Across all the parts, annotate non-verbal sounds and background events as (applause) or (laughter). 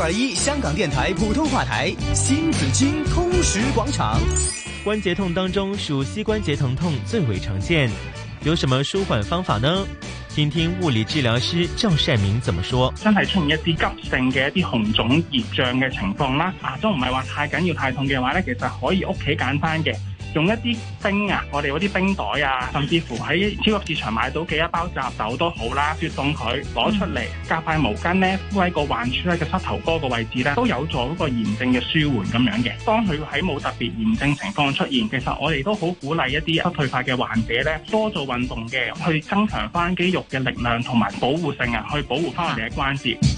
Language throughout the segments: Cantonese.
二一香港電台普通話台新紫荊通識廣場，關節痛當中屬膝關節疼痛最為常見，有什麼舒緩方法呢？聽聽物理治療師趙善明怎麼說。真係出現一啲急性嘅一啲紅腫、熱脹嘅情況啦，啊，都唔係話太緊要、太痛嘅話咧，其實可以屋企簡單嘅。用一啲冰啊，我哋嗰啲冰袋啊，甚至乎喺超級市場買到嘅一包雜豆都好啦，雪凍佢攞出嚟，夾塊毛巾咧敷喺個患處咧嘅膝頭哥個位置咧，都有助嗰個炎症嘅舒緩咁樣嘅。當佢喺冇特別炎症情況出現，其實我哋都好鼓勵一啲骨退化嘅患者咧，多做運動嘅，去增強翻肌肉嘅力量同埋保護性啊，去保護翻我哋嘅關節。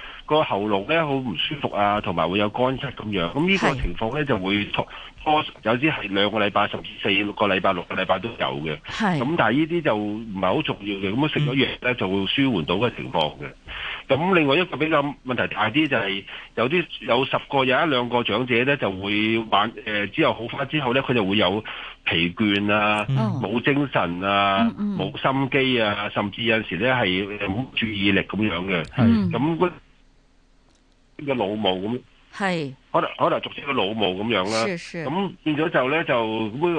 個喉嚨咧好唔舒服啊，同埋會有乾咳咁樣，咁呢個情況咧就會拖，有啲係兩個禮拜，甚至四個禮拜、六個禮拜都有嘅。係咁，但係呢啲就唔係好重要嘅，咁啊食咗藥咧就會舒緩到嘅情況嘅。咁、嗯、另外一個比較問題大啲就係、是、有啲有十個有一兩個長者咧就會玩，誒之後好翻之後咧，佢就會有疲倦啊、冇、嗯、精神啊、冇、嗯嗯、心機啊，甚至有時咧係冇注意力咁樣嘅。咁個腦霧咁，係可能可能逐漸個腦霧咁樣啦。咁變咗就咧就，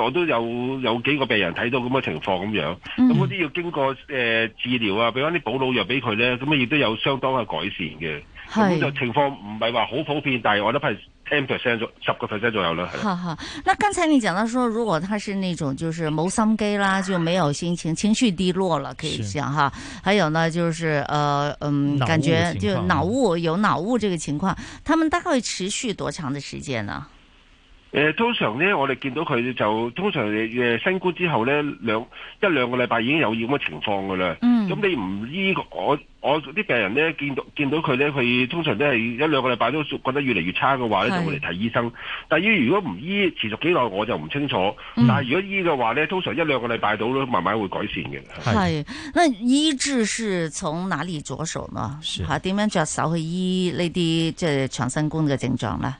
我都有有幾個病人睇到咁嘅情況咁樣。咁嗰啲要經過誒、呃、治療啊，俾翻啲補腦藥俾佢咧，咁啊亦都有相當嘅改善嘅。係、嗯，情況唔係話好普遍，但係我諗係 ten percent 左右十個 percent 左右啦。哈哈，那剛才你講到說，如果他是那種就是冇心機啦，就沒有心情、Walking 情緒低落了，可以講哈。還有呢，就是，呃，嗯，感覺就腦霧有腦霧這個情況，Traffic. pills hacia Saiya 他們大概會持續多長的時間呢？誒、呃，通常咧，我哋見到佢就通常誒，新冠之後咧，兩一兩個禮拜已經有咁嘅情況噶啦。嗯。咁你唔醫，我我啲病人咧，見到見到佢咧，佢通常都係一兩個禮拜都覺得越嚟越差嘅話咧，就會嚟睇醫生。但係如果唔醫，持續幾耐我就唔清楚。嗯，但係如果醫嘅話咧，通常一兩個禮拜到都慢慢會改善嘅。係。係，那醫治是從哪裏着手呢？是。吓、啊，點樣着手去醫呢啲即係長新冠嘅症狀咧？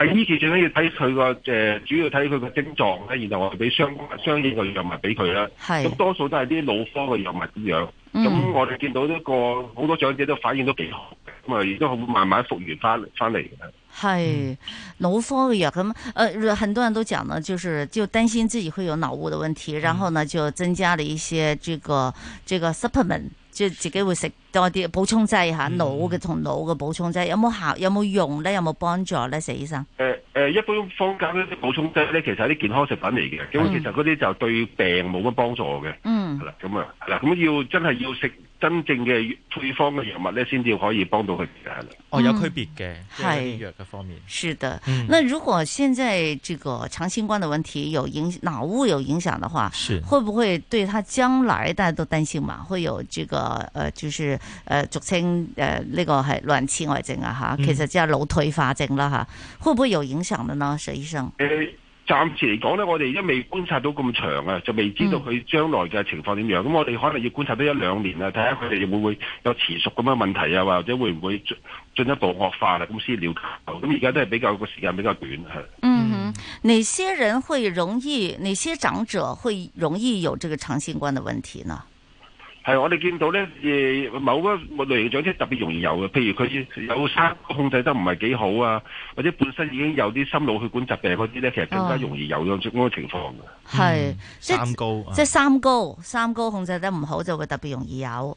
係呢次最緊要睇佢個誒，主要睇佢個症狀咧、嗯，然後我哋俾相相應嘅藥物俾佢啦。係，咁多數都係啲腦科嘅藥物咁樣。咁我哋見到一個好多長者都反應都幾好嘅，咁啊亦都好慢慢復原翻翻嚟嘅。係腦科嘅藥咁，誒、呃，很多人都講呢就是就擔心自己會有腦霧嘅問題，然後呢就增加咗一些這個這個 supplement。即係自己會食多啲補充劑吓，腦嘅同腦嘅補充劑有冇效？有冇用咧？有冇幫助咧？佘醫生。誒、呃、誒、呃，一般坊間嗰啲補充劑咧，其實係啲健康食品嚟嘅。咁、嗯、其實嗰啲就對病冇乜幫助嘅。嗯。係啦，咁啊，咁要真係要食。真正嘅配方嘅藥物咧，先至可以幫到佢而、嗯、哦，有區別嘅係藥嘅方面。是的、嗯，那如果現在這個長新冠的問題有影腦霧有影響的話，是會不會對他將來大家都擔心嘛？會有這個，呃，就是，呃，俗稱，誒、呃，呢、這個係老年痴呆症啊，吓、嗯，其實即係腦退化症啦，吓、啊，會不會有影響的呢？佘醫生？欸暫時嚟講咧，我哋而家未觀察到咁長啊，就未知道佢將來嘅情況點樣。咁我哋可能要觀察多一兩年啊，睇下佢哋會唔會有持續咁樣問題啊，或者會唔會進一步惡化啦。咁先了解。咁而家都係比較個時間比較短，係。嗯，嗯哼，哪些人會容易？哪些長者會容易有這個長新冠嘅問題呢？係，我哋見到咧，誒，某一個類型長者特別容易有嘅，譬如佢有三高控制得唔係幾好啊，或者本身已經有啲心腦血管疾病嗰啲咧，其實更加容易有呢種咁嘅情況嘅。係，即係三高，即係三高三高，控制得唔好，就會特別容易有。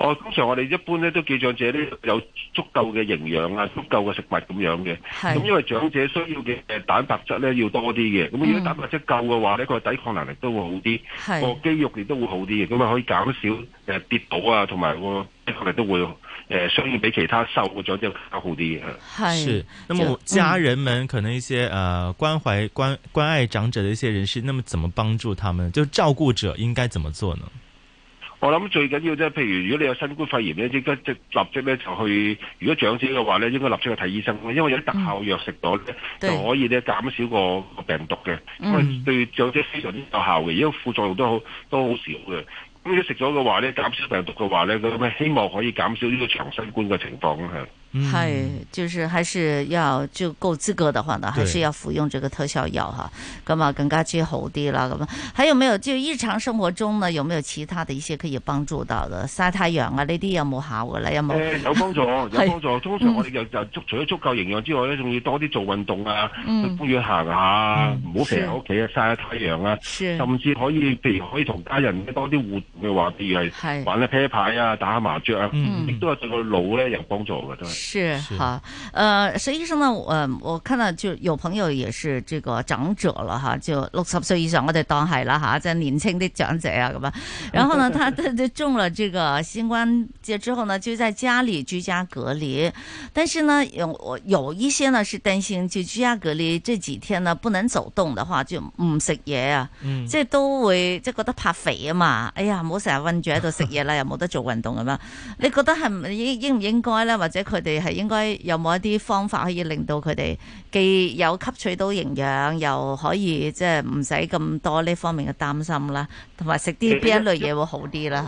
哦，通常我哋一般咧都記住長者啲有足夠嘅營養啊，足夠嘅食物咁樣嘅。咁因為長者需要嘅蛋白質咧要多啲嘅，咁、嗯、如果蛋白質夠嘅話呢，佢抵抗能力都會好啲，個、哦、肌肉亦都會好啲嘅，咁啊可以減少誒、呃、跌倒啊，同埋個抵抗力都會誒相應比其他瘦咗嘅比較好啲嘅。係。是。那麼家人們、嗯、可能一些啊、呃、關懷關關愛長者的一些人士，那麼怎麼幫助他們？就照顧者應該怎麼做呢？我諗最緊要啫，譬如如果你有新冠肺炎咧，應該即立即咧就去。如果長者嘅話咧，應該立即去睇醫生，因為有啲特效藥食咗咧，就可以咧減少個病毒嘅。因為對長者非常之有效嘅，而家副作用都好都好少嘅。咁如果食咗嘅話咧，減少病毒嘅話咧，咁希望可以減少呢個長新冠嘅情況係、嗯，就是還是要就夠資格的話呢，還是要服用這個特效藥哈，咁啊更加之好啲啦。咁啊，還有沒有就日常生活中呢，有沒有其他的一些可以幫助到的？曬太陽啊呢啲有冇效嘅咧？有冇，呃？有幫助，有幫助。通常我哋除咗足夠營養之外，咧仲要多啲做運動啊，嗯，去公園行下，啊，唔好成日屋企啊曬下太陽啊，甚至可以譬如可以同家人多啲互動嘅話，譬如係玩下啤牌啊，打下麻雀啊，亦、嗯，都有對個腦咧有幫助嘅，真係。是好。呃，佘醫生呢？我我看到就有朋友也是這個長者了哈，就六十歲以上我，我哋當係啦哈，即係年輕的長者啊咁樣。然後呢，他佢中了這個新冠疫之後呢，就在家裏居家隔離。但是呢，有有一些呢是擔心，就居家隔離這幾天呢不能走動的話，就唔食嘢啊，即係都會即係覺得怕肥啊嘛。哎呀，唔好成日韫住喺度食嘢啦，又 (laughs) 冇得做運動咁樣。你覺得係唔應應唔應該呢？或者佢哋？你係應該有冇一啲方法可以令到佢哋既有吸取到營養，又可以即係唔使咁多呢方面嘅擔心啦，同埋食啲邊一類嘢會好啲啦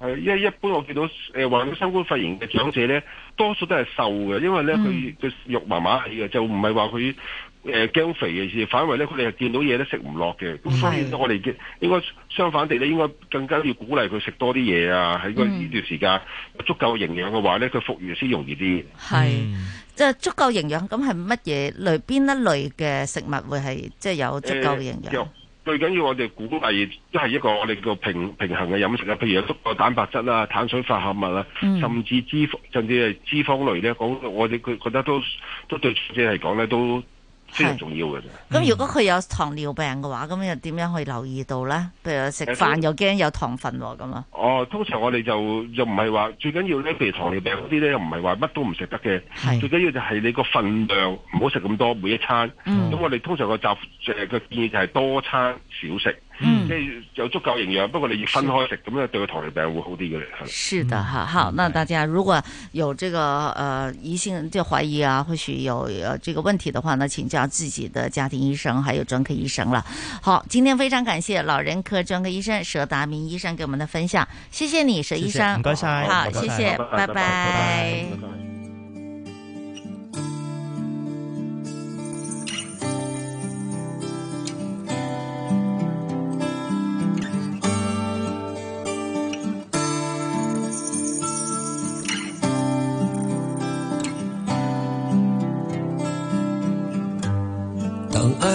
嚇？係因為一般我見到誒患咗新冠肺炎嘅長者咧，多數都係瘦嘅，因為咧佢嘅肉麻麻起嘅，就唔係話佢。誒驚肥嘅事，反為咧佢哋係見到嘢都食唔落嘅，咁所以我哋嘅應該相反地咧，應該更加要鼓勵佢食多啲嘢啊！喺呢段時間足夠營養嘅話咧，佢復原先容易啲。係，即、嗯、係足夠營養咁係乜嘢類？邊一類嘅食物會係即係有足夠營養？最緊要是我哋鼓勵都係一個我哋叫平平衡嘅飲食啊，譬如有足夠蛋白質啊、碳水化合物啊、嗯，甚至脂肪類，甚至係脂肪類咧，講我哋佢覺得都都對，即係講咧都。非常重要嘅啫。咁如果佢有糖尿病嘅話，咁又點樣去留意到咧？譬如食飯又驚有糖分咁啊、嗯。哦，通常我哋就又唔係話最緊要咧，譬如糖尿病嗰啲咧，又唔係話乜都唔食得嘅。係最緊要就係你個份量唔好食咁多，每一餐。咁、嗯嗯、我哋通常個集誒個建議就係多餐少食。嗯，即係有足夠營養，不過你要分開食，咁樣對個糖尿病會好啲嘅。係。是的，哈好，嗯，那大家如果有這個誒疑心就懷疑啊，或許有誒這個問題的話呢，呢請教自己的家庭醫生，還有專科醫生啦。好，今天非常感謝老人科專科醫生佘達明醫生給我們的分享，謝謝你佘醫生，唔該晒，好，謝謝好，拜拜，謝謝，拜拜。拜拜拜拜。